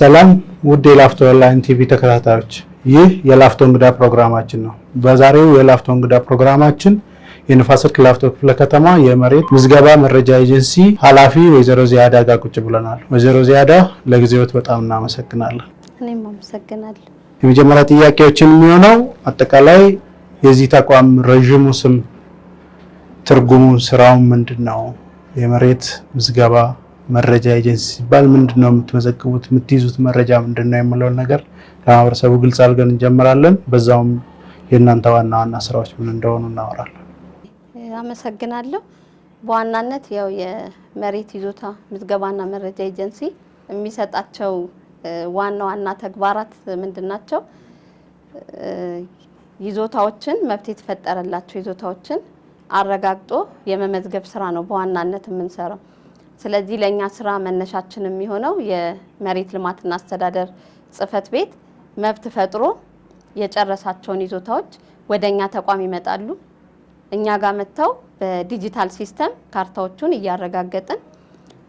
ሰላም ውድ የላፍቶ ኦንላይን ቲቪ ተከታታዮች፣ ይህ የላፍቶ እንግዳ ፕሮግራማችን ነው። በዛሬው የላፍቶ እንግዳ ፕሮግራማችን የንፋስ ስልክ ላፍቶ ክፍለ ከተማ የመሬት ምዝገባ መረጃ ኤጀንሲ ኃላፊ ወይዘሮ ዚያዳ ጋር ቁጭ ብለናል። ወይዘሮ ዚያዳ ለጊዜዎት በጣም እናመሰግናለን። እኔም አመሰግናለሁ። የመጀመሪያ ጥያቄዎችን የሚሆነው አጠቃላይ የዚህ ተቋም ረዥሙ ስም ትርጉሙ፣ ስራውን ምንድን ነው? የመሬት ምዝገባ መረጃ ኤጀንሲ ሲባል ምንድን ነው የምትመዘግቡት፣ የምትይዙት መረጃ ምንድን ነው የምለውን ነገር ለማህበረሰቡ ግልጽ አድርገን እንጀምራለን። በዛውም የእናንተ ዋና ዋና ስራዎች ምን እንደሆኑ እናወራለን። አመሰግናለሁ። በዋናነት ያው የመሬት ይዞታ ምዝገባና መረጃ ኤጀንሲ የሚሰጣቸው ዋና ዋና ተግባራት ምንድን ናቸው? ይዞታዎችን መብት የተፈጠረላቸው ይዞታዎችን አረጋግጦ የመመዝገብ ስራ ነው በዋናነት የምንሰራው። ስለዚህ ለእኛ ስራ መነሻችን የሚሆነው የመሬት ልማትና አስተዳደር ጽህፈት ቤት መብት ፈጥሮ የጨረሳቸውን ይዞታዎች ወደ እኛ ተቋም ይመጣሉ። እኛ ጋር መጥተው በዲጂታል ሲስተም ካርታዎቹን እያረጋገጥን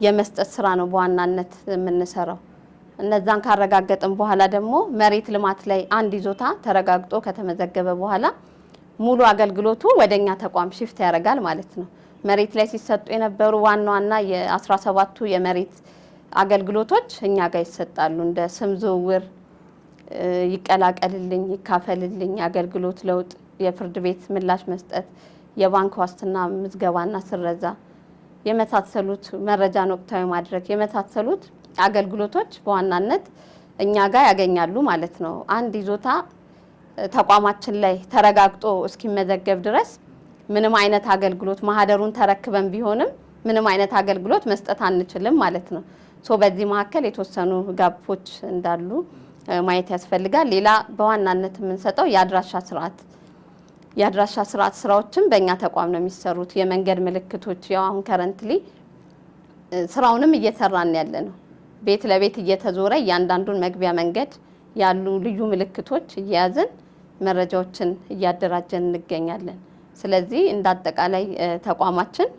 የመስጠት ስራ ነው በዋናነት የምንሰራው። እነዛን ካረጋገጥን በኋላ ደግሞ መሬት ልማት ላይ አንድ ይዞታ ተረጋግጦ ከተመዘገበ በኋላ ሙሉ አገልግሎቱ ወደኛ ተቋም ሽፍት ያደርጋል ማለት ነው። መሬት ላይ ሲሰጡ የነበሩ ዋና ዋና የአስራ ሰባቱ የመሬት አገልግሎቶች እኛ ጋር ይሰጣሉ። እንደ ስም ዝውውር፣ ይቀላቀልልኝ፣ ይካፈልልኝ፣ አገልግሎት ለውጥ፣ የፍርድ ቤት ምላሽ መስጠት፣ የባንክ ዋስትና ምዝገባና ስረዛ የመሳሰሉት መረጃን ወቅታዊ ማድረግ የመሳሰሉት አገልግሎቶች በዋናነት እኛ ጋር ያገኛሉ ማለት ነው። አንድ ይዞታ ተቋማችን ላይ ተረጋግጦ እስኪመዘገብ ድረስ ምንም አይነት አገልግሎት ማህደሩን ተረክበን ቢሆንም ምንም አይነት አገልግሎት መስጠት አንችልም ማለት ነው። ሶ በዚህ መካከል የተወሰኑ ጋፖች እንዳሉ ማየት ያስፈልጋል። ሌላ በዋናነት የምንሰጠው የአድራሻ ስርዓት የአድራሻ ስርዓት ስራዎችም በእኛ ተቋም ነው የሚሰሩት። የመንገድ ምልክቶች ያው አሁን ከረንትሊ ስራውንም እየሰራን ያለ ነው። ቤት ለቤት እየተዞረ እያንዳንዱን መግቢያ መንገድ ያሉ ልዩ ምልክቶች እየያዝን መረጃዎችን እያደራጀን እንገኛለን። ስለዚህ እንደ አጠቃላይ ተቋማችን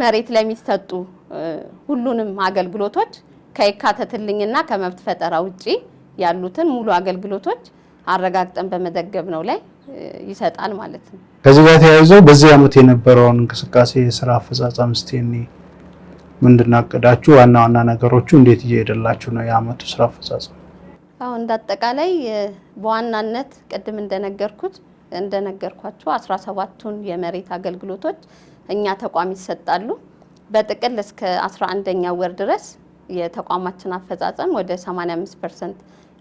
መሬት ለሚሰጡ ሁሉንም አገልግሎቶች ከይካተትልኝና ከመብት ፈጠራ ውጪ ያሉትን ሙሉ አገልግሎቶች አረጋግጠን በመዘገብ ነው ላይ ይሰጣል ማለት ነው። ከዚህ ጋር ተያይዞ በዚህ ዓመት የነበረውን እንቅስቃሴ የስራ አፈጻጸም እስቲ ምንድናቅዳችሁ ዋና ዋና ነገሮቹ እንዴት እየሄደላችሁ ነው? የዓመቱ ስራ አፈጻጸም አሁን እንዳጠቃላይ በዋናነት ቅድም እንደነገርኩት እንደነገርኳችሁ አስራ ሰባቱን የመሬት አገልግሎቶች እኛ ተቋም ይሰጣሉ። በጥቅል እስከ አስራ አንደኛ ወር ድረስ የተቋማችን አፈጻጸም ወደ 85 ፐርሰንት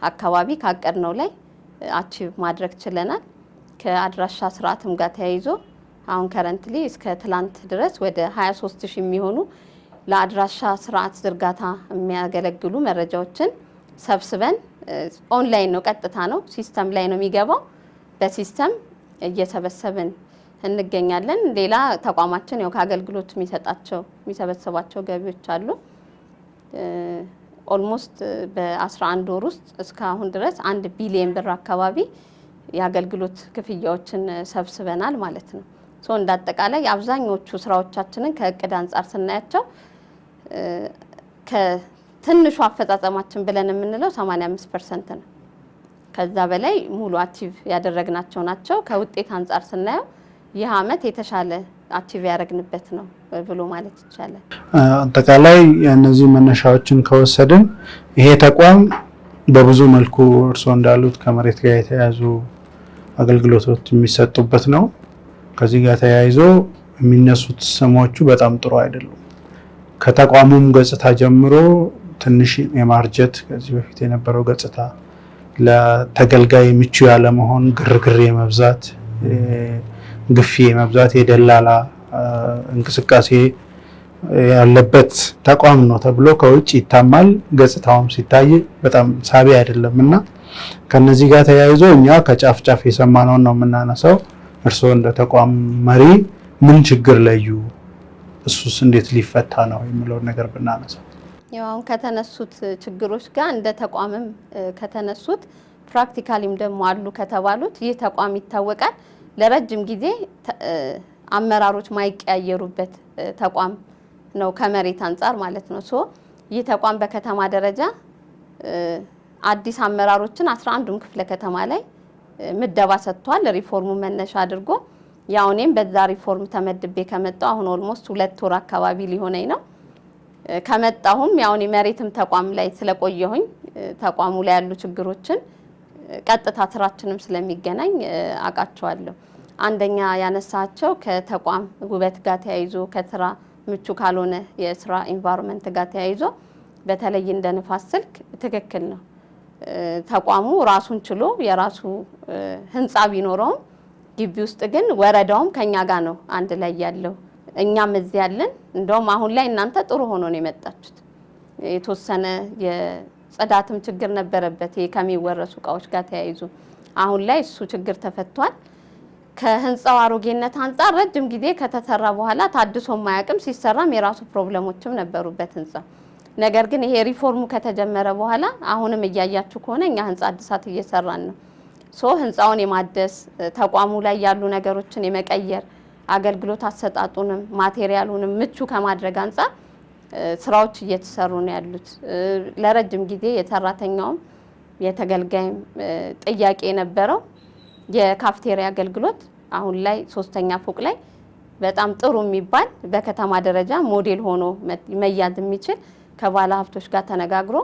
አካባቢ ካቀድነው ላይ አቺቭ ማድረግ ችለናል። ከአድራሻ ስርዓትም ጋር ተያይዞ አሁን ከረንትሊ እስከ ትላንት ድረስ ወደ 23 ሺህ የሚሆኑ ለአድራሻ ስርዓት ዝርጋታ የሚያገለግሉ መረጃዎችን ሰብስበን ኦንላይን ነው፣ ቀጥታ ነው፣ ሲስተም ላይ ነው የሚገባው። በሲስተም እየሰበሰብን እንገኛለን። ሌላ ተቋማችን ያው ከአገልግሎት የሚሰጣቸው የሚሰበሰቧቸው ገቢዎች አሉ። ኦልሞስት በ11 ወር ውስጥ እስካሁን ድረስ አንድ ቢሊየን ብር አካባቢ የአገልግሎት ክፍያዎችን ሰብስበናል ማለት ነው። ሶ እንደ አብዛኞቹ ስራዎቻችንን ከእቅድ አንጻር ስናያቸው ትንሹ አፈጻጸማችን ብለን የምንለው 85 ፐርሰንት ነው። ከዛ በላይ ሙሉ አቲቭ ያደረግናቸው ናቸው። ከውጤት አንጻር ስናየው ይህ አመት የተሻለ አቲቭ ያደረግንበት ነው ብሎ ማለት ይቻላል። አጠቃላይ እነዚህ መነሻዎችን ከወሰድን ይሄ ተቋም በብዙ መልኩ እርስዎ እንዳሉት ከመሬት ጋር የተያያዙ አገልግሎቶች የሚሰጡበት ነው። ከዚህ ጋር ተያይዞ የሚነሱት ስሞቹ በጣም ጥሩ አይደሉም። ከተቋሙም ገጽታ ጀምሮ ትንሽ የማርጀት ከዚህ በፊት የነበረው ገጽታ ለተገልጋይ ምቹ ያለመሆን፣ ግርግር የመብዛት፣ ግፊ የመብዛት የደላላ እንቅስቃሴ ያለበት ተቋም ነው ተብሎ ከውጭ ይታማል። ገጽታውም ሲታይ በጣም ሳቢ አይደለም እና ከነዚህ ጋር ተያይዞ እኛ ከጫፍ ጫፍ የሰማነውን ነው የምናነሳው። እርስዎ እንደ ተቋም መሪ ምን ችግር ለዩ? እሱስ እንዴት ሊፈታ ነው የሚለውን ነገር ብናነሳው ያው አሁን ከተነሱት ችግሮች ጋር እንደ ተቋምም ከተነሱት ፕራክቲካሊም ደግሞ አሉ ከተባሉት ይህ ተቋም ይታወቃል። ለረጅም ጊዜ አመራሮች ማይቀያየሩበት ተቋም ነው ከመሬት አንጻር ማለት ነው። ሶ ይህ ተቋም በከተማ ደረጃ አዲስ አመራሮችን አስራ አንዱም ክፍለ ከተማ ላይ ምደባ ሰጥቷል። ሪፎርሙ መነሻ አድርጎ ያው እኔም በዛ ሪፎርም ተመድቤ ከመጣው አሁን ኦልሞስት ሁለት ወር አካባቢ ሊሆነኝ ነው። ከመጣሁም ያው እኔ መሬትም ተቋም ላይ ስለቆየሁኝ ተቋሙ ላይ ያሉ ችግሮችን ቀጥታ ስራችንም ስለሚገናኝ አውቃቸዋለሁ። አንደኛ ያነሳቸው ከተቋም ውበት ጋር ተያይዞ ከስራ ምቹ ካልሆነ የስራ ኢንቫይሮንመንት ጋር ተያይዞ በተለይ እንደ ንፋስ ስልክ ትክክል ነው። ተቋሙ ራሱን ችሎ የራሱ ህንፃ ቢኖረውም ግቢ ውስጥ ግን ወረዳውም ከኛ ጋር ነው አንድ ላይ ያለው እኛም እዚህ ያለን እንደውም አሁን ላይ እናንተ ጥሩ ሆኖ ነው የመጣችሁት። የተወሰነ የጽዳትም ችግር ነበረበት ከሚወረሱ እቃዎች ጋር ተያይዞ አሁን ላይ እሱ ችግር ተፈቷል። ከህንፃው አሮጌነት አንጻር ረጅም ጊዜ ከተሰራ በኋላ ታድሶ ማያቅም ሲሰራም የራሱ ፕሮብለሞችም ነበሩበት ህንፃ። ነገር ግን ይሄ ሪፎርሙ ከተጀመረ በኋላ አሁንም እያያችሁ ከሆነ እኛ ህንፃ አድሳት እየሰራን ነው። ሶ ህንፃውን የማደስ ተቋሙ ላይ ያሉ ነገሮችን የመቀየር አገልግሎት አሰጣጡንም ማቴሪያሉንም ምቹ ከማድረግ አንጻር ስራዎች እየተሰሩ ነው ያሉት። ለረጅም ጊዜ የሰራተኛውም የተገልጋይም ጥያቄ የነበረው የካፍቴሪያ አገልግሎት አሁን ላይ ሶስተኛ ፎቅ ላይ በጣም ጥሩ የሚባል በከተማ ደረጃ ሞዴል ሆኖ መያዝ የሚችል ከባለ ሀብቶች ጋር ተነጋግሮ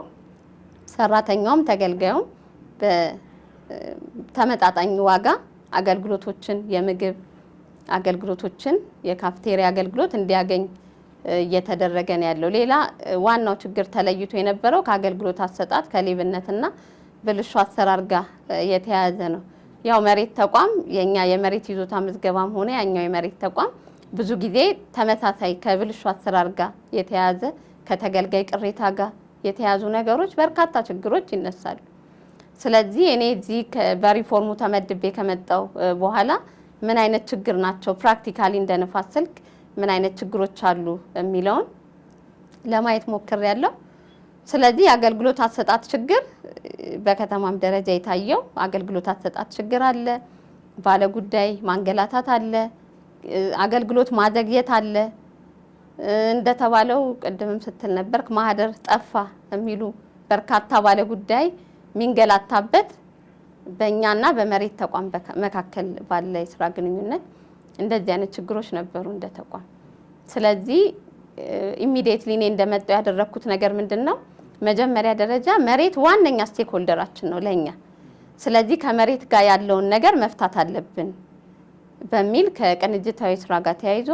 ሰራተኛውም ተገልጋዩም በተመጣጣኝ ዋጋ አገልግሎቶችን የምግብ አገልግሎቶችን የካፍቴሪያ አገልግሎት እንዲያገኝ እየተደረገ ነው ያለው። ሌላ ዋናው ችግር ተለይቶ የነበረው ከአገልግሎት አሰጣጥ ከሌብነትና ብልሹ አሰራር ጋር የተያያዘ ነው። ያው መሬት ተቋም የኛ የመሬት ይዞታ ምዝገባም ሆነ ያኛው የመሬት ተቋም ብዙ ጊዜ ተመሳሳይ ከብልሹ አሰራር ጋር የተያያዘ ከተገልጋይ ቅሬታ ጋር የተያዙ ነገሮች በርካታ ችግሮች ይነሳሉ። ስለዚህ እኔ እዚህ በሪፎርሙ ተመድቤ ከመጣው በኋላ ምን አይነት ችግር ናቸው፣ ፕራክቲካሊ እንደ ንፋስ ስልክ ምን አይነት ችግሮች አሉ የሚለውን ለማየት ሞክር ያለው። ስለዚህ የአገልግሎት አሰጣት ችግር በከተማም ደረጃ የታየው አገልግሎት አሰጣት ችግር አለ፣ ባለጉዳይ ማንገላታት አለ፣ አገልግሎት ማዘግየት አለ። እንደተባለው ቅድምም ስትል ነበርክ ማህደር ጠፋ የሚሉ በርካታ ባለጉዳይ የሚንገላታበት በእኛና በመሬት ተቋም መካከል ባለ የስራ ግንኙነት እንደዚህ አይነት ችግሮች ነበሩ እንደ ተቋም። ስለዚህ ኢሚዲየትሊ እኔ እንደመጣው ያደረግኩት ነገር ምንድን ነው? መጀመሪያ ደረጃ መሬት ዋነኛ ስቴክ ሆልደራችን ነው ለእኛ። ስለዚህ ከመሬት ጋር ያለውን ነገር መፍታት አለብን በሚል ከቅንጅታዊ ስራ ጋር ተያይዞ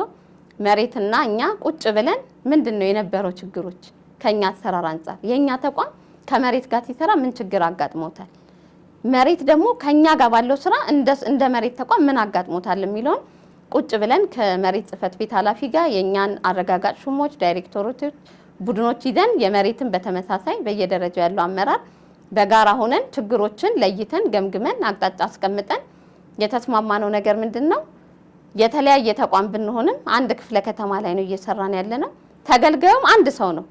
መሬትና እኛ ቁጭ ብለን ምንድን ነው የነበረው ችግሮች ከእኛ አሰራር አንጻር የእኛ ተቋም ከመሬት ጋር ሲሰራ ምን ችግር አጋጥሞታል መሬት ደግሞ ከኛ ጋር ባለው ስራ እንደ መሬት ተቋም ምን አጋጥሞታል የሚለውን ቁጭ ብለን ከመሬት ጽህፈት ቤት ኃላፊ ጋር የእኛን አረጋጋጭ ሹሞች፣ ዳይሬክተሮች፣ ቡድኖች ይዘን የመሬትን በተመሳሳይ በየደረጃው ያለው አመራር በጋራ ሆነን ችግሮችን ለይተን ገምግመን አቅጣጫ አስቀምጠን የተስማማነው ነገር ምንድን ነው? የተለያየ ተቋም ብንሆንም አንድ ክፍለ ከተማ ላይ ነው እየሰራን ያለ ነው። ተገልጋዩም አንድ ሰው ነው።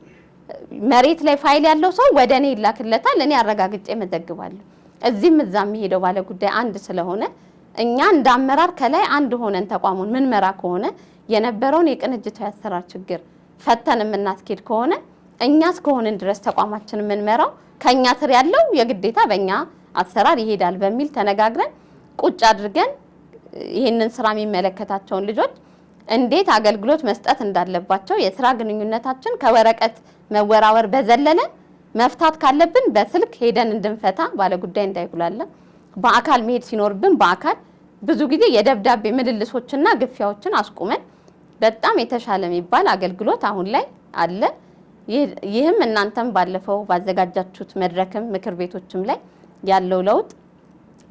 መሬት ላይ ፋይል ያለው ሰው ወደ እኔ ይላክለታል፣ እኔ አረጋግጬ መዘግባለሁ። እዚህም እዛ የሚሄደው ባለ ጉዳይ አንድ ስለሆነ እኛ እንደ አመራር ከላይ አንድ ሆነን ተቋሙን ምንመራ ከሆነ የነበረውን የቅንጅታዊ አሰራር ችግር ፈተን የምናስኬድ ከሆነ እኛ እስከሆንን ድረስ ተቋማችን የምንመራው ከእኛ ስር ያለው የግዴታ በእኛ አሰራር ይሄዳል በሚል ተነጋግረን ቁጭ አድርገን ይህንን ስራ የሚመለከታቸውን ልጆች እንዴት አገልግሎት መስጠት እንዳለባቸው የስራ ግንኙነታችን ከወረቀት መወራወር በዘለለ መፍታት ካለብን በስልክ ሄደን እንድንፈታ ባለጉዳይ እንዳይጉላለን በአካል መሄድ ሲኖርብን በአካል ብዙ ጊዜ የደብዳቤ ምልልሶችና ግፊያዎችን አስቁመን በጣም የተሻለ የሚባል አገልግሎት አሁን ላይ አለ። ይህም እናንተም ባለፈው ባዘጋጃችሁት መድረክም ምክር ቤቶችም ላይ ያለው ለውጥ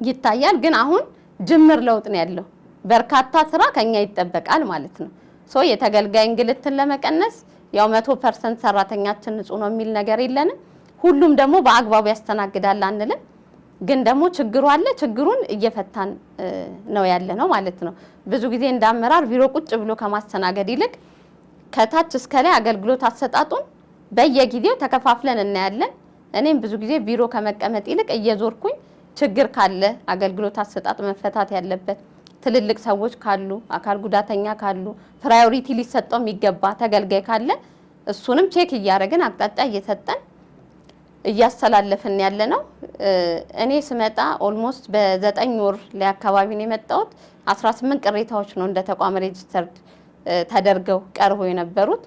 ይታያል። ግን አሁን ጅምር ለውጥ ነው ያለው። በርካታ ስራ ከኛ ይጠበቃል ማለት ነው። ሶ የተገልጋይ እንግልትን ለመቀነስ ያው መቶ ፐርሰንት ሰራተኛችን ንጹህ ነው የሚል ነገር የለንም። ሁሉም ደግሞ በአግባቡ ያስተናግዳል አንልም፣ ግን ደግሞ ችግሩ አለ። ችግሩን እየፈታን ነው ያለ ነው ማለት ነው። ብዙ ጊዜ እንደ አመራር ቢሮ ቁጭ ብሎ ከማስተናገድ ይልቅ ከታች እስከ ላይ አገልግሎት አሰጣጡን በየጊዜው ተከፋፍለን እናያለን። እኔም ብዙ ጊዜ ቢሮ ከመቀመጥ ይልቅ እየዞርኩኝ ችግር ካለ አገልግሎት አሰጣጥ መፈታት ያለበት ትልልቅ ሰዎች ካሉ፣ አካል ጉዳተኛ ካሉ፣ ፕራዮሪቲ ሊሰጠው የሚገባ ተገልጋይ ካለ እሱንም ቼክ እያደረግን አቅጣጫ እየሰጠን እያስተላለፍን ያለ ነው። እኔ ስመጣ ኦልሞስት በዘጠኝ ወር ላይ አካባቢ ነው የመጣሁት። ቅሬታዎች ነው እንደ ተቋም ሬጅስተርድ ተደርገው ቀርቦ የነበሩት።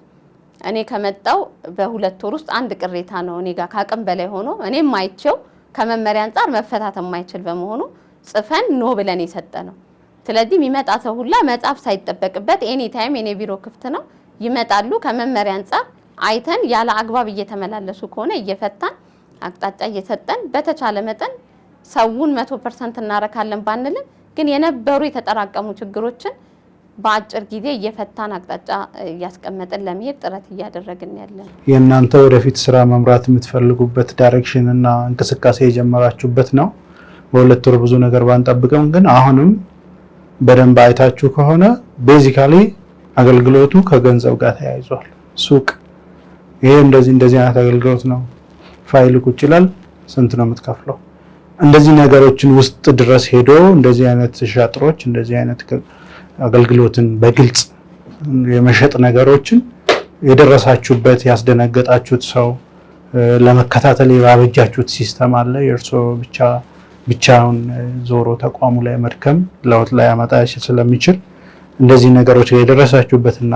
እኔ ከመጣው በሁለት ወር ውስጥ አንድ ቅሬታ ነው እኔ ጋር ከአቅም በላይ ሆኖ እኔም ማይቸው ከመመሪያ አንጻር መፈታት የማይችል በመሆኑ ጽፈን ኖ ብለን የሰጠ ነው። ስለዚህ የሚመጣ ሰው ሁላ መጻፍ ሳይጠበቅበት ኤኒ ታይም የኔ ቢሮ ክፍት ነው፣ ይመጣሉ። ከመመሪያ አንጻር አይተን ያለ አግባብ እየተመላለሱ ከሆነ እየፈታን አቅጣጫ እየሰጠን በተቻለ መጠን ሰውን መቶ ፐርሰንት እናረካለን ባንልም ግን የነበሩ የተጠራቀሙ ችግሮችን በአጭር ጊዜ እየፈታን አቅጣጫ እያስቀመጥን ለመሄድ ጥረት እያደረግን ያለን። የእናንተ ወደፊት ስራ መምራት የምትፈልጉበት ዳይሬክሽን እና እንቅስቃሴ የጀመራችሁበት ነው። በሁለት ወር ብዙ ነገር ባንጠብቅም ግን አሁንም በደንብ አይታችሁ ከሆነ ቤዚካሊ አገልግሎቱ ከገንዘብ ጋር ተያይዟል። ሱቅ ይሄ እንደዚህ እንደዚህ አይነት አገልግሎት ነው ፋይል ቁጭ ይላል። ስንት ነው የምትከፍለው? እንደዚህ ነገሮችን ውስጥ ድረስ ሄዶ እንደዚህ አይነት ሻጥሮች፣ እንደዚህ አይነት አገልግሎትን በግልጽ የመሸጥ ነገሮችን የደረሳችሁበት ያስደነገጣችሁት ሰው ለመከታተል የባበጃችሁት ሲስተም አለ። የእርሶ ብቻ ብቻውን ዞሮ ተቋሙ ላይ መድከም ለውጥ ላይ አመጣ ስለሚችል እንደዚህ ነገሮች የደረሳችሁበትና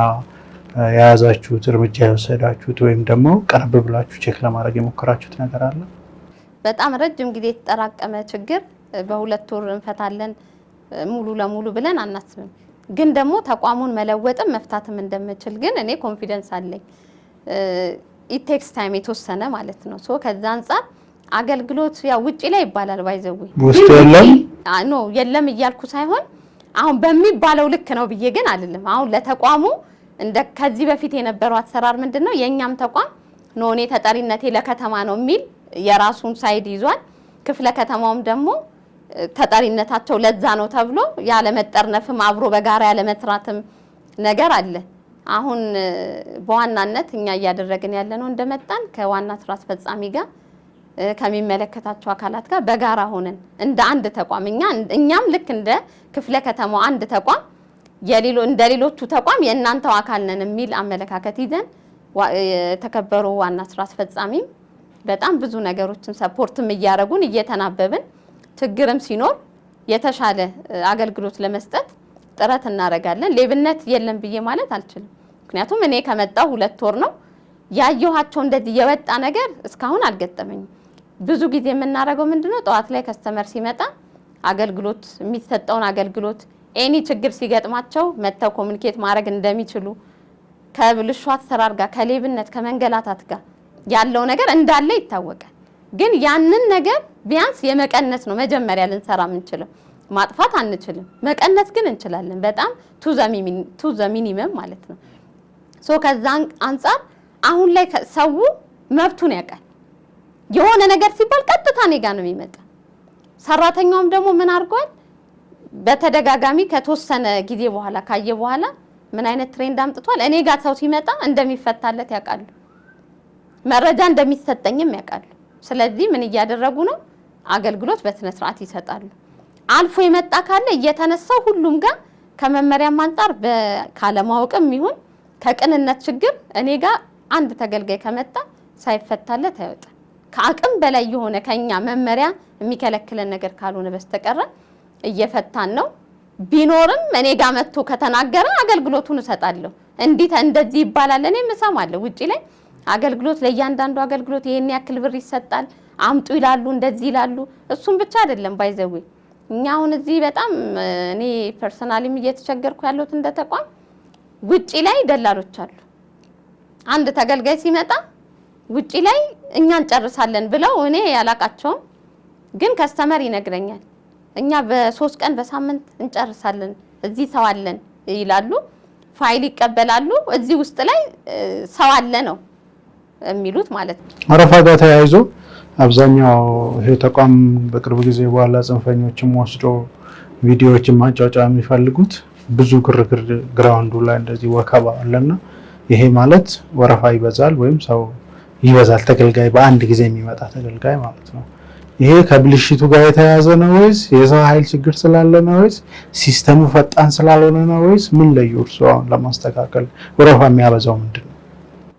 የያዛችሁት እርምጃ የወሰዳችሁት ወይም ደግሞ ቀረብ ብላችሁ ቼክ ለማድረግ የሞከራችሁት ነገር አለ? በጣም ረጅም ጊዜ የተጠራቀመ ችግር በሁለት ወር እንፈታለን ሙሉ ለሙሉ ብለን አናስብም። ግን ደግሞ ተቋሙን መለወጥም መፍታትም እንደምችል ግን እኔ ኮንፊደንስ አለኝ። ኢቴክስ ታይም የተወሰነ ማለት ነው። ሶ ከዛ አንጻር አገልግሎት ያው ውጪ ላይ ይባላል ባይዘዊ ውስጥ የለም ኖ የለም እያልኩ ሳይሆን አሁን በሚባለው ልክ ነው ብዬ ግን አልልም። አሁን ለተቋሙ እንደ ከዚህ በፊት የነበረው አሰራር ምንድን ነው? የእኛም ተቋም ኖኔ ተጠሪነቴ ለከተማ ነው የሚል የራሱን ሳይድ ይዟል። ክፍለ ከተማውም ደግሞ ተጠሪነታቸው ለዛ ነው ተብሎ ያለመጠርነፍም አብሮ በጋራ ያለመስራትም ነገር አለ። አሁን በዋናነት እኛ እያደረግን ያለ ነው እንደመጣን ከዋና ስራ አስፈጻሚ ጋር ከሚመለከታቸው አካላት ጋር በጋራ ሆነን እንደ አንድ ተቋም እኛ እኛም ልክ እንደ ክፍለ ከተማው አንድ ተቋም እንደ ሌሎቹ ተቋም የእናንተው አካል ነን የሚል አመለካከት ይዘን የተከበሩ ዋና ስራ አስፈጻሚም በጣም ብዙ ነገሮችን ሰፖርትም እያደረጉን እየተናበብን ችግርም ሲኖር የተሻለ አገልግሎት ለመስጠት ጥረት እናደርጋለን። ሌብነት የለም ብዬ ማለት አልችልም። ምክንያቱም እኔ ከመጣው ሁለት ወር ነው ያየኋቸው። እንደዚህ የወጣ ነገር እስካሁን አልገጠመኝም። ብዙ ጊዜ የምናደርገው ምንድነው ጠዋት ላይ ከስተመር ሲመጣ አገልግሎት የሚሰጠውን አገልግሎት ኤኒ ችግር ሲገጥማቸው መተው ኮሚኒኬት ማድረግ እንደሚችሉ ከብልሹ አሰራር ጋር ከሌብነት ከመንገላታት ጋር ያለው ነገር እንዳለ ይታወቃል። ግን ያንን ነገር ቢያንስ የመቀነስ ነው መጀመሪያ ልንሰራ የምንችለው። ማጥፋት አንችልም፣ መቀነስ ግን እንችላለን። በጣም ቱ ዘ ሚኒመም ማለት ነው። ሶ ከዛ አንጻር አሁን ላይ ሰው መብቱን ያውቃል። የሆነ ነገር ሲባል ቀጥታ እኔ ጋ ነው የሚመጣ። ሰራተኛውም ደግሞ ምን አድርጓል? በተደጋጋሚ ከተወሰነ ጊዜ በኋላ ካየ በኋላ ምን አይነት ትሬንድ አምጥቷል፣ እኔ ጋር ሰው ሲመጣ እንደሚፈታለት ያውቃሉ፣ መረጃ እንደሚሰጠኝም ያውቃሉ። ስለዚህ ምን እያደረጉ ነው? አገልግሎት በስነ ስርዓት ይሰጣሉ። አልፎ የመጣ ካለ እየተነሳው ሁሉም ጋር ከመመሪያም አንጻር ካለማወቅም ይሁን ከቅንነት ችግር እኔ ጋር አንድ ተገልጋይ ከመጣ ሳይፈታለት አይወጣም። ከአቅም በላይ የሆነ ከኛ መመሪያ የሚከለክለን ነገር ካልሆነ በስተቀረ እየፈታን ነው። ቢኖርም እኔ ጋር መጥቶ ከተናገረ አገልግሎቱን እሰጣለሁ። እንዴት እንደዚህ ይባላል፣ እኔ እሰማለሁ። ውጪ ላይ አገልግሎት ለእያንዳንዱ አገልግሎት ይሄን ያክል ብር ይሰጣል፣ አምጡ ይላሉ፣ እንደዚህ ይላሉ። እሱም ብቻ አይደለም ባይዘዌ እኛ አሁን እዚህ በጣም እኔ ፐርሰናሊም እየተቸገርኩ ያለሁት እንደ ተቋም ውጪ ላይ ደላሎች አሉ። አንድ ተገልጋይ ሲመጣ ውጪ ላይ እኛ እንጨርሳለን ብለው እኔ ያላቃቸውም ግን ከስተመር ይነግረኛል እኛ በሶስት ቀን በሳምንት እንጨርሳለን እዚህ ሰው አለን ይላሉ። ፋይል ይቀበላሉ። እዚህ ውስጥ ላይ ሰው አለ ነው የሚሉት ማለት ነው። አረፋ ጋር ተያይዞ አብዛኛው ይሄ ተቋም በቅርብ ጊዜ በኋላ ጽንፈኞችም ወስዶ ቪዲዮዎችን ማጫጫ የሚፈልጉት ብዙ ግርግር ግራውንዱ ላይ እንደዚህ ወከባ አለና ይሄ ማለት ወረፋ ይበዛል ወይም ሰው ይበዛል። ተገልጋይ በአንድ ጊዜ የሚመጣ ተገልጋይ ማለት ነው። ይሄ ከብልሽቱ ጋር የተያዘ ነው ወይስ የሰው ኃይል ችግር ስላለ ነው ወይስ ሲስተሙ ፈጣን ስላልሆነ ነው ወይስ ምን ለዩ? እርሱ አሁን ለማስተካከል ወረፋ የሚያበዛው ምንድን ነው?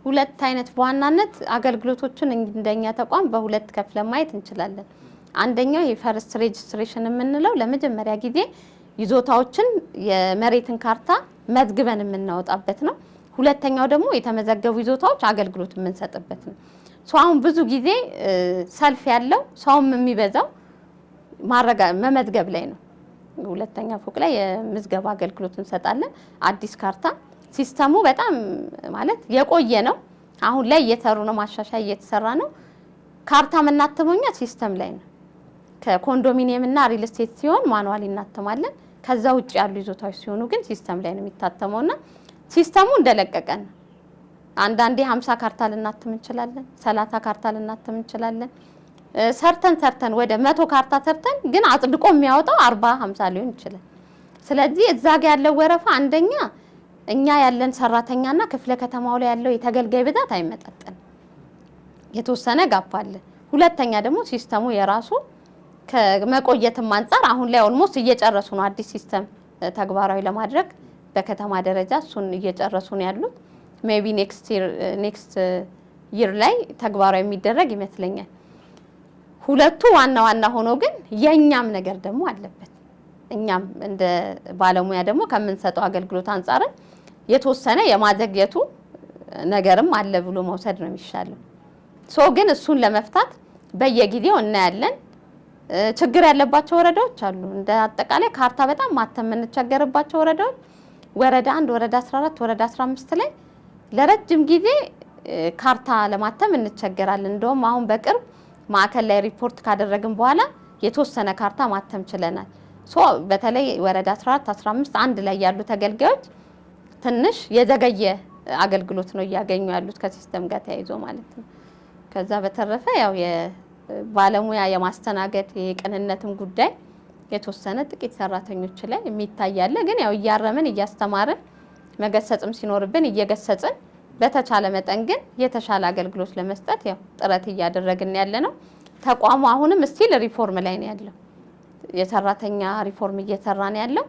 ሁለት አይነት በዋናነት አገልግሎቶችን እንደኛ ተቋም በሁለት ከፍለ ማየት እንችላለን። አንደኛው የፈርስት ሬጅስትሬሽን የምንለው ለመጀመሪያ ጊዜ ይዞታዎችን የመሬትን ካርታ መዝግበን የምናወጣበት ነው። ሁለተኛው ደግሞ የተመዘገቡ ይዞታዎች አገልግሎት የምንሰጥበት ነው። ሰው አሁን ብዙ ጊዜ ሰልፍ ያለው ሰውም የሚበዛው ማረጋ መመዝገብ ላይ ነው። ሁለተኛ ፎቅ ላይ የምዝገባ አገልግሎት እንሰጣለን። አዲስ ካርታ ሲስተሙ በጣም ማለት የቆየ ነው። አሁን ላይ እየተሩ ነው፣ ማሻሻያ እየተሰራ ነው። ካርታ የምናትመው ሲስተም ላይ ነው። ከኮንዶሚኒየም እና ሪል ስቴት ሲሆን ማኑዋል እናትማለን። ከዛ ውጭ ያሉ ይዞታዎች ሲሆኑ ግን ሲስተም ላይ ነው የሚታተመውና ሲስተሙ እንደለቀቀ ነው። አንዳንዴ ሀምሳ ካርታ ልናትም እንችላለን። ሰላሳ ካርታ ልናትም እንችላለን። ሰርተን ሰርተን ወደ መቶ ካርታ ሰርተን ግን አጽድቆ የሚያወጣው አርባ ሀምሳ ሊሆን ይችላል። ስለዚህ እዛ ጋ ያለው ወረፋ አንደኛ እኛ ያለን ሰራተኛና ክፍለ ከተማው ላይ ያለው የተገልጋይ ብዛት አይመጣጠንም። የተወሰነ ጋፕ አለ። ሁለተኛ ደግሞ ሲስተሙ የራሱ ከመቆየትም አንጻር አሁን ላይ ኦልሞስት እየጨረሱ ነው። አዲስ ሲስተም ተግባራዊ ለማድረግ በከተማ ደረጃ እሱን እየጨረሱ ነው ያሉት። ሜቢ ኔክስት ይር ላይ ተግባራዊ የሚደረግ ይመስለኛል። ሁለቱ ዋና ዋና ሆኖ ግን የእኛም ነገር ደግሞ አለበት። እኛም እንደ ባለሙያ ደግሞ ከምንሰጠው አገልግሎት አንጻርን የተወሰነ የማዘግየቱ ነገርም አለ ብሎ መውሰድ ነው የሚሻለው። ሶ ግን እሱን ለመፍታት በየጊዜው እናያለን። ችግር ያለባቸው ወረዳዎች አሉ። እንደ አጠቃላይ ካርታ በጣም ማተም የምንቸገርባቸው ወረዳዎች ወረዳ አንድ፣ ወረዳ 14፣ ወረዳ 15 ላይ ለረጅም ጊዜ ካርታ ለማተም እንቸገራለን። እንደውም አሁን በቅርብ ማዕከል ላይ ሪፖርት ካደረግን በኋላ የተወሰነ ካርታ ማተም ችለናል። ሶ በተለይ ወረዳ 14፣ 15 አንድ ላይ ያሉ ተገልጋዮች ትንሽ የዘገየ አገልግሎት ነው እያገኙ ያሉት ከሲስተም ጋር ተያይዞ ማለት ነው። ከዛ በተረፈ ያው የባለሙያ የማስተናገድ የቅንነትም ጉዳይ የተወሰነ ጥቂት ሰራተኞች ላይ የሚታያለ፣ ግን ያው እያረምን እያስተማርን መገሰጽም ሲኖርብን እየገሰጽን በተቻለ መጠን ግን የተሻለ አገልግሎት ለመስጠት ያው ጥረት እያደረግን ያለ ነው። ተቋሙ አሁንም ስቲል ሪፎርም ላይ ነው ያለው። የሰራተኛ ሪፎርም እየሰራ ነው ያለው።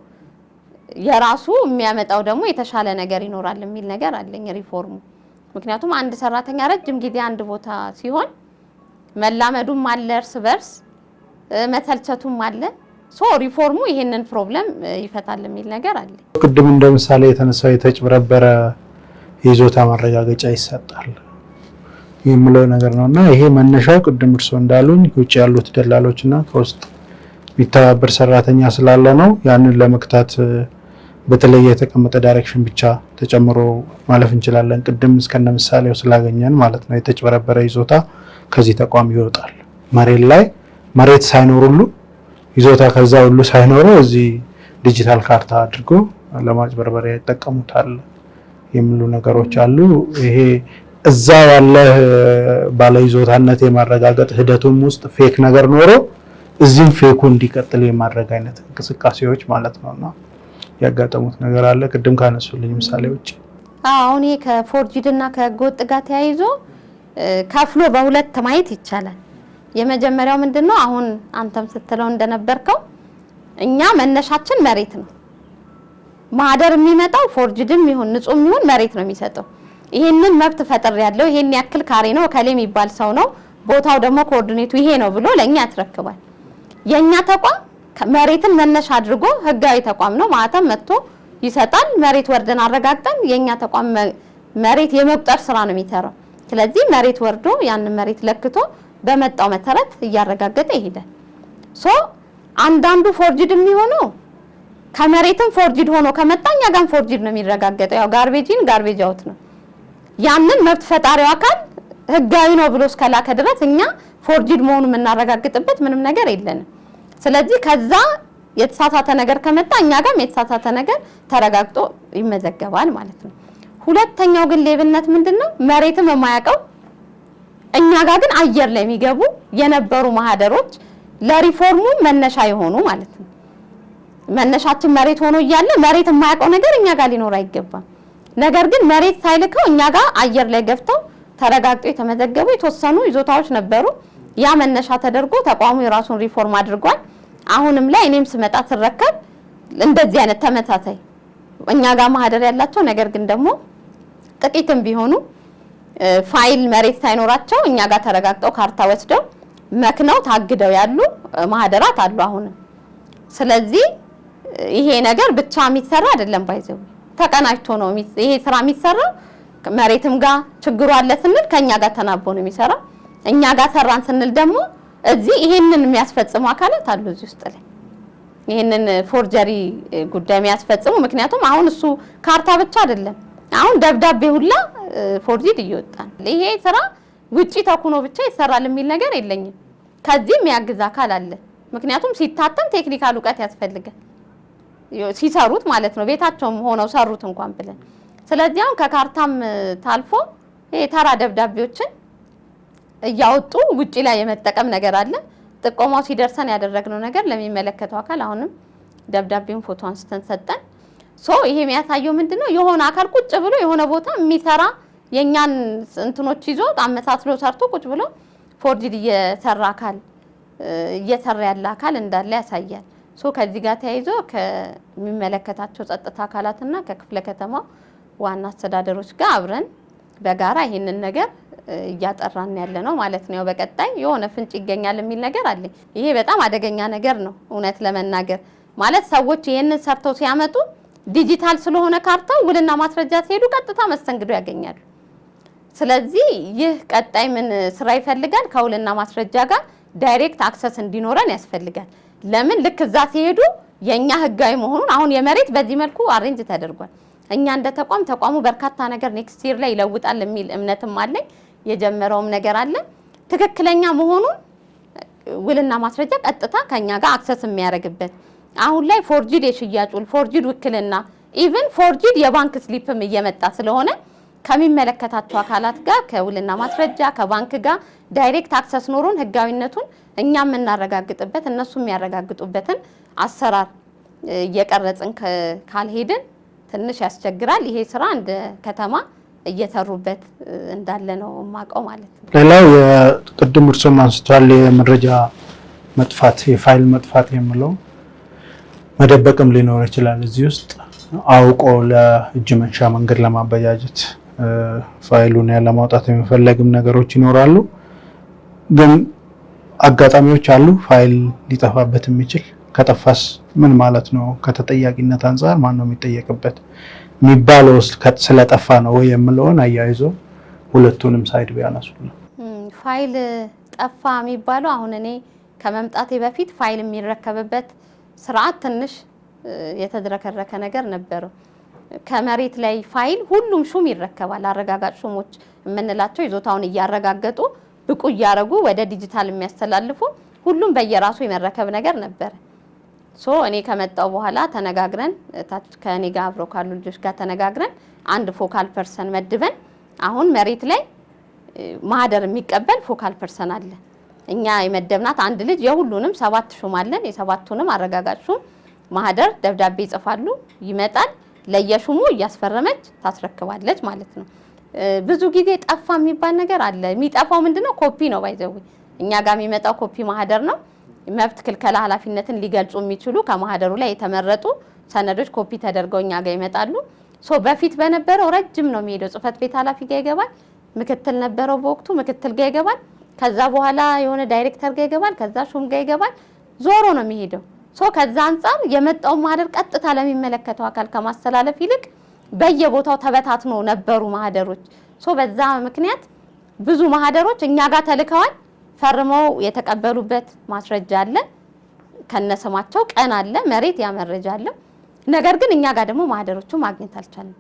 የራሱ የሚያመጣው ደግሞ የተሻለ ነገር ይኖራል የሚል ነገር አለኝ ሪፎርሙ። ምክንያቱም አንድ ሰራተኛ ረጅም ጊዜ አንድ ቦታ ሲሆን መላመዱም አለ፣ እርስ በርስ መተልቸቱም አለ ሶ ሪፎርሙ ይሄንን ፕሮብለም ይፈታል የሚል ነገር አለ። ቅድም እንደ ምሳሌ የተነሳው የተጭበረበረ የይዞታ ማረጋገጫ ይሰጣል የምለው ነገር ነው እና ይሄ መነሻው ቅድም እርስዎ እንዳሉኝ ውጭ ያሉት ደላሎች እና ከውስጥ የሚተባበር ሰራተኛ ስላለ ነው። ያንን ለመክታት በተለየ የተቀመጠ ዳይሬክሽን ብቻ ተጨምሮ ማለፍ እንችላለን። ቅድም እስከነ ምሳሌው ስላገኘን ማለት ነው የተጭበረበረ ይዞታ ከዚህ ተቋም ይወጣል። መሬት ላይ መሬት ሳይኖር ሁሉ ይዞታ ከዛ ሁሉ ሳይኖረው እዚህ ዲጂታል ካርታ አድርጎ ለማጭበርበሪያ ይጠቀሙታል የሚሉ ነገሮች አሉ። ይሄ እዛ ያለ ባለይዞታነት የማረጋገጥ ሂደቱም ውስጥ ፌክ ነገር ኖሮ እዚህም ፌኩ እንዲቀጥል የማድረግ አይነት እንቅስቃሴዎች ማለት ነው እና ያጋጠሙት ነገር አለ። ቅድም ካነሱልኝ ምሳሌ ውጭ አሁን ይሄ ከፎርጂድ እና ከህገወጥ ጋር ተያይዞ ከፍሎ በሁለት ማየት ይቻላል። የመጀመሪያው ምንድን ነው? አሁን አንተም ስትለው እንደነበርከው እኛ መነሻችን መሬት ነው። ማህደር የሚመጣው ፎርጅድም ይሁን ንጹህ ይሁን መሬት ነው የሚሰጠው። ይሄንን መብት ፈጥር ያለው ይሄን ያክል ካሬ ነው ከሌ የሚባል ሰው ነው፣ ቦታው ደግሞ ኮኦርዲኔቱ ይሄ ነው ብሎ ለእኛ ያስረክባል። የእኛ ተቋም መሬትን መነሻ አድርጎ ህጋዊ ተቋም ነው ማህተም መጥቶ ይሰጣል። መሬት ወርደን አረጋግጠን የእኛ ተቋም መሬት የመቁጠር ስራ ነው የሚሰራው። ስለዚህ መሬት ወርዶ ያንን መሬት ለክቶ በመጣው መሰረት እያረጋገጠ ይሄዳል። ሶ አንዳንዱ ፎርጅድ የሚሆነው ከመሬትም ፎርጅድ ሆኖ ከመጣ እኛ ፎርጅድ ነው የሚረጋገጠው። ያው ጋርቤጅን ጋርቤጅ አውት ነው። ያንን መብት ፈጣሪው አካል ህጋዊ ነው ብሎ እስከላከ ድረስ እኛ ፎርጅድ መሆኑን የምናረጋግጥበት ምንም ነገር የለንም። ስለዚህ ከዛ የተሳሳተ ነገር ከመጣ እኛ ጋርም የተሳሳተ ነገር ተረጋግጦ ይመዘገባል ማለት ነው። ሁለተኛው ግን ሌብነት ምንድን ነው? መሬትም የማያውቀው እኛ ጋር ግን አየር ላይ የሚገቡ የነበሩ ማህደሮች ለሪፎርሙ መነሻ የሆኑ ማለት ነው። መነሻችን መሬት ሆኖ እያለ መሬት የማያውቀው ነገር እኛ ጋር ሊኖር አይገባም። ነገር ግን መሬት ሳይልከው እኛ ጋር አየር ላይ ገብተው ተረጋግጦ የተመዘገቡ የተወሰኑ ይዞታዎች ነበሩ። ያ መነሻ ተደርጎ ተቋሙ የራሱን ሪፎርም አድርጓል። አሁንም ላይ እኔም ስመጣ ስረከብ እንደዚህ አይነት ተመሳሳይ እኛ ጋር ማህደር ያላቸው ነገር ግን ደግሞ ጥቂትም ቢሆኑ ፋይል መሬት ሳይኖራቸው እኛ ጋር ተረጋግጠው ካርታ ወስደው መክነው ታግደው ያሉ ማህደራት አሉ አሁንም። ስለዚህ ይሄ ነገር ብቻ የሚሰራ አይደለም፣ ባይዘው ተቀናጅቶ ነው ይሄ ስራ የሚሰራው መሬትም ጋር ችግሩ አለ ስንል ከኛ ጋር ተናቦ ነው የሚሰራ። እኛ ጋር ሰራን ስንል ደግሞ እዚህ ይሄንን የሚያስፈጽሙ አካላት አሉ እዚህ ውስጥ ላይ ይሄንን ፎርጀሪ ጉዳይ የሚያስፈጽሙ ምክንያቱም አሁን እሱ ካርታ ብቻ አይደለም አሁን ደብዳቤ ሁላ ፎርጂድ እየወጣ ነው። ይሄ ስራ ውጪ ተኩኖ ብቻ ይሰራል የሚል ነገር የለኝም። ከዚህ የሚያግዝ አካል አለ። ምክንያቱም ሲታተም ቴክኒካል እውቀት ያስፈልጋል፣ ሲሰሩት ማለት ነው። ቤታቸውም ሆነው ሰሩት እንኳን ብለን ስለዚህ አሁን ከካርታም ታልፎ የተራ ተራ ደብዳቤዎችን እያወጡ ውጪ ላይ የመጠቀም ነገር አለ። ጥቆማው ሲደርሰን ያደረግነው ነገር ለሚመለከተው አካል አሁንም ደብዳቤውን ፎቶ አንስተን ሰጠን። ሶ ይሄ የሚያሳየው ምንድነው የሆነ አካል ቁጭ ብሎ የሆነ ቦታ የሚሰራ የእኛን እንትኖች ይዞ አመሳስሎ ሰርቶ ቁጭ ብሎ ፎርጅድ እየሰራ አካል እየሰራ ያለ አካል እንዳለ ያሳያል። ሶ ከዚህ ጋር ተያይዞ ከሚመለከታቸው ጸጥታ አካላትና ከክፍለ ከተማ ዋና አስተዳደሮች ጋር አብረን በጋራ ይህንን ነገር እያጠራን ያለ ነው ማለት ነው። በቀጣይ የሆነ ፍንጭ ይገኛል የሚል ነገር አለኝ። ይሄ በጣም አደገኛ ነገር ነው እውነት ለመናገር ማለት ሰዎች ይህንን ሰርተው ሲያመጡ ዲጂታል ስለሆነ ካርታው ውልና ማስረጃ ሲሄዱ ቀጥታ መስተንግዶ ያገኛሉ። ስለዚህ ይህ ቀጣይ ምን ስራ ይፈልጋል? ከውልና ማስረጃ ጋር ዳይሬክት አክሰስ እንዲኖረን ያስፈልጋል። ለምን ልክ እዛ ሲሄዱ የእኛ ህጋዊ መሆኑን አሁን የመሬት በዚህ መልኩ አሬንጅ ተደርጓል። እኛ እንደ ተቋም ተቋሙ በርካታ ነገር ኔክስት ይር ላይ ይለውጣል የሚል እምነትም አለኝ። የጀመረውም ነገር አለ ትክክለኛ መሆኑን ውልና ማስረጃ ቀጥታ ከኛ ጋር አክሰስ የሚያደርግበት አሁን ላይ ፎርጅድ የሽያጭ ውል፣ ፎርጅድ ውክልና፣ ኢቭን ፎርጅድ የባንክ ስሊፕም እየመጣ ስለሆነ ከሚመለከታቸው አካላት ጋር ከውልና ማስረጃ ከባንክ ጋር ዳይሬክት አክሰስ ኖሮን ህጋዊነቱን እኛ የምናረጋግጥበት እነሱ የሚያረጋግጡበትን አሰራር እየቀረጽን ካልሄድን ትንሽ ያስቸግራል። ይሄ ስራ እንደ ከተማ እየተሩበት እንዳለ ነው የማውቀው ማለት ነው። ሌላው የቅድም እርሶም አንስተዋል የመረጃ መጥፋት የፋይል መጥፋት የምለው መደበቅም ሊኖር ይችላል። እዚህ ውስጥ አውቆ ለእጅ መንሻ መንገድ ለማበጃጀት ፋይሉን ያለማውጣት የሚፈለግም ነገሮች ይኖራሉ። ግን አጋጣሚዎች አሉ፣ ፋይል ሊጠፋበት የሚችል ከጠፋስ ምን ማለት ነው? ከተጠያቂነት አንጻር ማን ነው የሚጠየቅበት የሚባለው ስለጠፋ ነው ወይ የምለውን አያይዞ ሁለቱንም ሳይድ ቢያነሱ ነው። ፋይል ጠፋ የሚባለው አሁን እኔ ከመምጣቴ በፊት ፋይል የሚረከብበት ስርዓት ትንሽ የተድረከረከ ነገር ነበረው። ከመሬት ላይ ፋይል ሁሉም ሹም ይረከባል። አረጋጋጭ ሹሞች የምንላቸው ይዞታውን እያረጋገጡ ብቁ እያደረጉ ወደ ዲጂታል የሚያስተላልፉ ሁሉም በየራሱ የመረከብ ነገር ነበረ። ሶ እኔ ከመጣው በኋላ ተነጋግረን ታች ከእኔ ጋር አብሮ ካሉ ልጆች ጋር ተነጋግረን አንድ ፎካል ፐርሰን መድበን አሁን መሬት ላይ ማህደር የሚቀበል ፎካል ፐርሰን አለ። እኛ የመደብናት አንድ ልጅ የሁሉንም ሰባት ሹም አለን። የሰባቱንም አረጋጋጭ ሹም ማህደር ደብዳቤ ይጽፋሉ፣ ይመጣል። ለየሹሙ እያስፈረመች ታስረክባለች ማለት ነው። ብዙ ጊዜ ጠፋ የሚባል ነገር አለ። የሚጠፋው ምንድነው? ኮፒ ነው። ባይዘዊ እኛ ጋር የሚመጣው ኮፒ ማህደር ነው። መብት ክልከላ ኃላፊነትን ሊገልጹ የሚችሉ ከማህደሩ ላይ የተመረጡ ሰነዶች ኮፒ ተደርገው እኛ ጋር ይመጣሉ። ሶ በፊት በነበረው ረጅም ነው የሚሄደው። ጽህፈት ቤት ኃላፊ ጋር ይገባል። ምክትል ነበረው በወቅቱ ምክትል ጋር ይገባል። ከዛ በኋላ የሆነ ዳይሬክተር ጋር ይገባል፣ ከዛ ሹም ጋር ይገባል። ዞሮ ነው የሚሄደው ሶ ከዛ አንጻር የመጣውን ማህደር ቀጥታ ለሚመለከተው አካል ከማስተላለፍ ይልቅ በየቦታው ተበታትኖ ነበሩ ማህደሮች። ሶ በዛ ምክንያት ብዙ ማህደሮች እኛ ጋር ተልከዋል። ፈርመው የተቀበሉበት ማስረጃ አለ፣ ከነስማቸው ቀን አለ፣ መሬት ያ አለ። ነገር ግን እኛ ጋር ደግሞ ማህደሮቹ ማግኘት አልቻለም።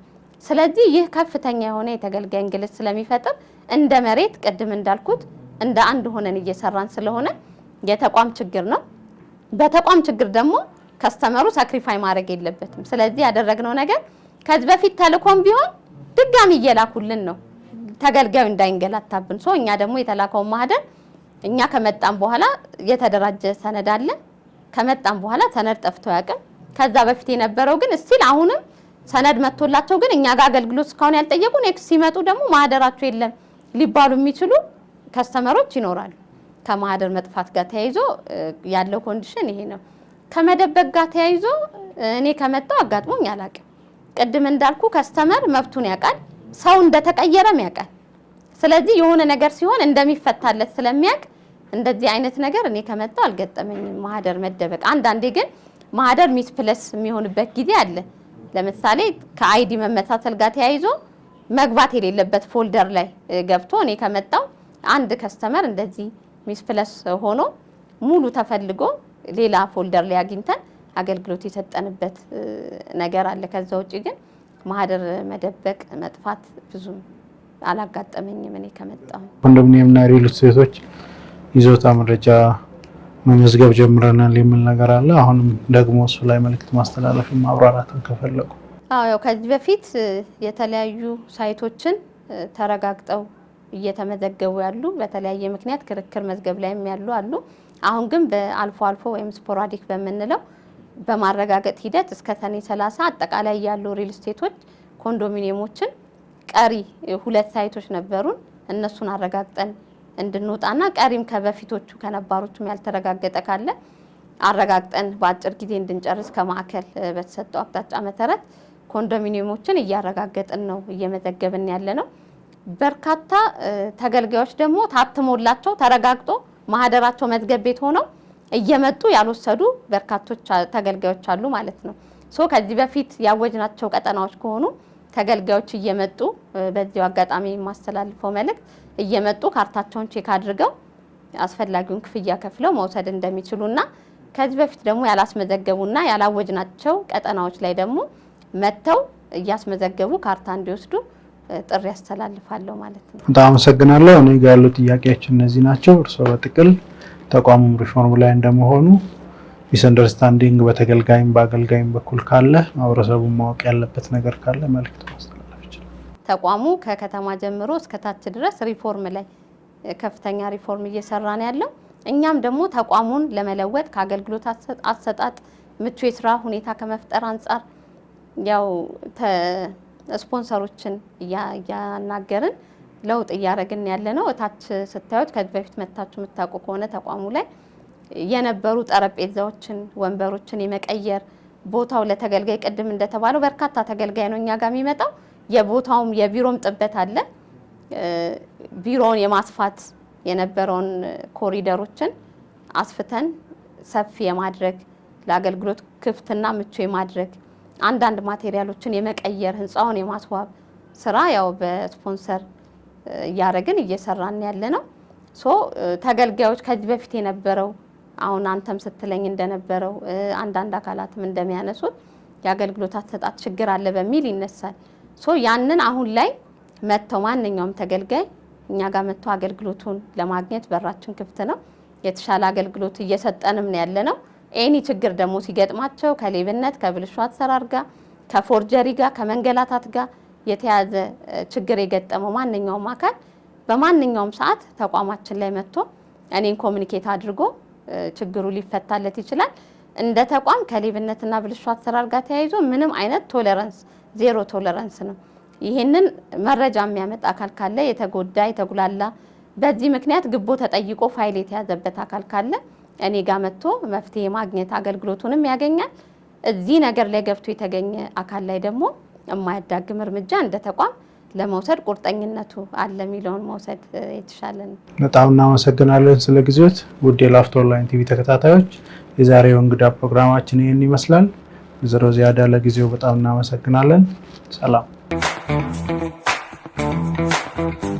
ስለዚህ ይህ ከፍተኛ የሆነ የተገልጋይ እንግልት ስለሚፈጥር እንደ መሬት ቅድም እንዳልኩት እንደ አንድ ሆነን እየሰራን ስለሆነ የተቋም ችግር ነው። በተቋም ችግር ደግሞ ከስተመሩ ሳክሪፋይ ማድረግ የለበትም። ስለዚህ ያደረግነው ነገር ከዚህ በፊት ተልኮም ቢሆን ድጋሚ እየላኩልን ነው ተገልጋዩ እንዳይንገላታብን ሰው እኛ ደግሞ የተላከውን ማህደር እኛ ከመጣም በኋላ የተደራጀ ሰነድ አለ። ከመጣን በኋላ ሰነድ ጠፍቶ ያውቅም። ከዛ በፊት የነበረው ግን እስቲል አሁንም ሰነድ መጥቶላቸው ግን እኛ ጋር አገልግሎት እስካሁን ያልጠየቁ ኔክስት ሲመጡ ደግሞ ማህደራቸው የለም ሊባሉ የሚችሉ ከስተመሮች ይኖራሉ። ከማህደር መጥፋት ጋር ተያይዞ ያለው ኮንዲሽን ይሄ ነው። ከመደበቅ ጋር ተያይዞ እኔ ከመጣው አጋጥሞኝ አላውቅም። ቅድም እንዳልኩ ከስተመር መብቱን ያውቃል፣ ሰው እንደተቀየረም ያውቃል። ስለዚህ የሆነ ነገር ሲሆን እንደሚፈታለት ስለሚያውቅ እንደዚህ አይነት ነገር እኔ ከመጣው አልገጠመኝም። ማህደር መደበቅ። አንዳንዴ ግን ማህደር ሚስ ፕለስ የሚሆንበት ጊዜ አለ። ለምሳሌ ከአይዲ መመሳሰል ጋር ተያይዞ መግባት የሌለበት ፎልደር ላይ ገብቶ እኔ ከመጣው አንድ ከስተመር እንደዚህ ሚስ ፕለስ ሆኖ ሙሉ ተፈልጎ ሌላ ፎልደር ላይ አግኝተን አገልግሎት የሰጠንበት ነገር አለ። ከዛ ውጭ ግን ማህደር መደበቅ መጥፋት ብዙም አላጋጠመኝም እኔ ከመጣሁ። ኮንዶሚኒየምና ሪል ስቴቶች ይዞታ መረጃ መመዝገብ ጀምረናል የሚል ነገር አለ። አሁንም ደግሞ እሱ ላይ መልእክት ማስተላለፍ ማብራራትን ከፈለጉ ከዚህ በፊት የተለያዩ ሳይቶችን ተረጋግጠው እየተመዘገቡ ያሉ በተለያየ ምክንያት ክርክር መዝገብ ላይም ያሉ አሉ። አሁን ግን በአልፎ አልፎ ወይም ስፖራዲክ በምንለው በማረጋገጥ ሂደት እስከ ሰኔ 30 አጠቃላይ ያሉ ሪል ስቴቶች ኮንዶሚኒየሞችን ቀሪ ሁለት ሳይቶች ነበሩን እነሱን አረጋግጠን እንድንወጣና ቀሪም ከበፊቶቹ ከነባሮቹም ያልተረጋገጠ ካለ አረጋግጠን በአጭር ጊዜ እንድንጨርስ ከማዕከል በተሰጠው አቅጣጫ መሰረት ኮንዶሚኒየሞችን እያረጋገጥን ነው እየመዘገብን ያለ ነው። በርካታ ተገልጋዮች ደግሞ ታትሞላቸው ተረጋግጦ ማህደራቸው መዝገብ ቤት ሆነው እየመጡ ያልወሰዱ በርካቶች ተገልጋዮች አሉ ማለት ነው። ሶ ከዚህ በፊት ያወጅናቸው ቀጠናዎች ከሆኑ ተገልጋዮች እየመጡ በዚሁ አጋጣሚ የማስተላልፈው መልእክት እየመጡ ካርታቸውን ቼክ አድርገው አስፈላጊውን ክፍያ ከፍለው መውሰድ እንደሚችሉና ከዚህ በፊት ደግሞ ያላስመዘገቡና ያላወጅናቸው ቀጠናዎች ላይ ደግሞ መጥተው እያስመዘገቡ ካርታ እንዲወስዱ ጥሪ ያስተላልፋለሁ ማለት ነው። በጣም አመሰግናለሁ። እኔ ጋር ያሉ ጥያቄያችን እነዚህ ናቸው። እርስዎ በጥቅል ተቋሙም ሪፎርም ላይ እንደመሆኑ ሚስ አንደርስታንዲንግ በተገልጋይም በአገልጋይም በኩል ካለ ማህበረሰቡን ማወቅ ያለበት ነገር ካለ መልዕክት ማስተላለፍ ይችላል። ተቋሙ ከከተማ ጀምሮ እስከ ታች ድረስ ሪፎርም ላይ ከፍተኛ ሪፎርም እየሰራ ነው ያለው። እኛም ደግሞ ተቋሙን ለመለወጥ ከአገልግሎት አሰጣጥ ምቹ የስራ ሁኔታ ከመፍጠር አንጻር ያው ስፖንሰሮችን እያናገርን ለውጥ እያደረግን ያለ ነው። እታች ስታዩት ከዚህ በፊት መታችሁ የምታውቁ ከሆነ ተቋሙ ላይ የነበሩ ጠረጴዛዎችን፣ ወንበሮችን የመቀየር ቦታው ለተገልጋይ ቅድም እንደተባለው በርካታ ተገልጋይ ነው እኛ ጋር የሚመጣው። የቦታውም የቢሮም ጥበት አለ። ቢሮውን የማስፋት የነበረውን ኮሪደሮችን አስፍተን ሰፊ የማድረግ ለአገልግሎት ክፍትና ምቹ የማድረግ አንዳንድ ማቴሪያሎችን የመቀየር ህንፃውን የማስዋብ ስራ ያው በስፖንሰር እያደረግን እየሰራን ያለ ነው። ሶ ተገልጋዮች ከዚህ በፊት የነበረው አሁን አንተም ስትለኝ እንደነበረው አንዳንድ አካላትም እንደሚያነሱት የአገልግሎት አሰጣጥ ችግር አለ በሚል ይነሳል። ሶ ያንን አሁን ላይ መጥተው ማንኛውም ተገልጋይ እኛ ጋር መጥቶ አገልግሎቱን ለማግኘት በራችን ክፍት ነው። የተሻለ አገልግሎት እየሰጠንም ነው ያለ ነው። ኤኒ ችግር ደግሞ ሲገጥማቸው ከሌብነት ከብልሹ አሰራር ጋር ከፎርጀሪ ጋር ከመንገላታት ጋር የተያዘ ችግር የገጠመው ማንኛውም አካል በማንኛውም ሰዓት ተቋማችን ላይ መጥቶ እኔን ኮሚኒኬት አድርጎ ችግሩ ሊፈታለት ይችላል። እንደ ተቋም ከሌብነትና ብልሹ አሰራር ጋር ተያይዞ ምንም አይነት ቶለረንስ ዜሮ ቶለረንስ ነው። ይህንን መረጃ የሚያመጣ አካል ካለ የተጎዳ የተጉላላ በዚህ ምክንያት ግቦ ተጠይቆ ፋይል የተያዘበት አካል ካለ እኔ ጋር መጥቶ መፍትሄ ማግኘት አገልግሎቱንም ያገኛል። እዚህ ነገር ላይ ገብቶ የተገኘ አካል ላይ ደግሞ የማያዳግም እርምጃ እንደ ተቋም ለመውሰድ ቁርጠኝነቱ አለ የሚለውን መውሰድ የተሻለ ነው። በጣም እናመሰግናለን ስለ ጊዜዎት። ውድ የላፍቶ ኦንላይን ቲቪ ተከታታዮች የዛሬው እንግዳ ፕሮግራማችን ይህን ይመስላል። ዘሮ ዚያዳ ለጊዜው በጣም እናመሰግናለን። ሰላም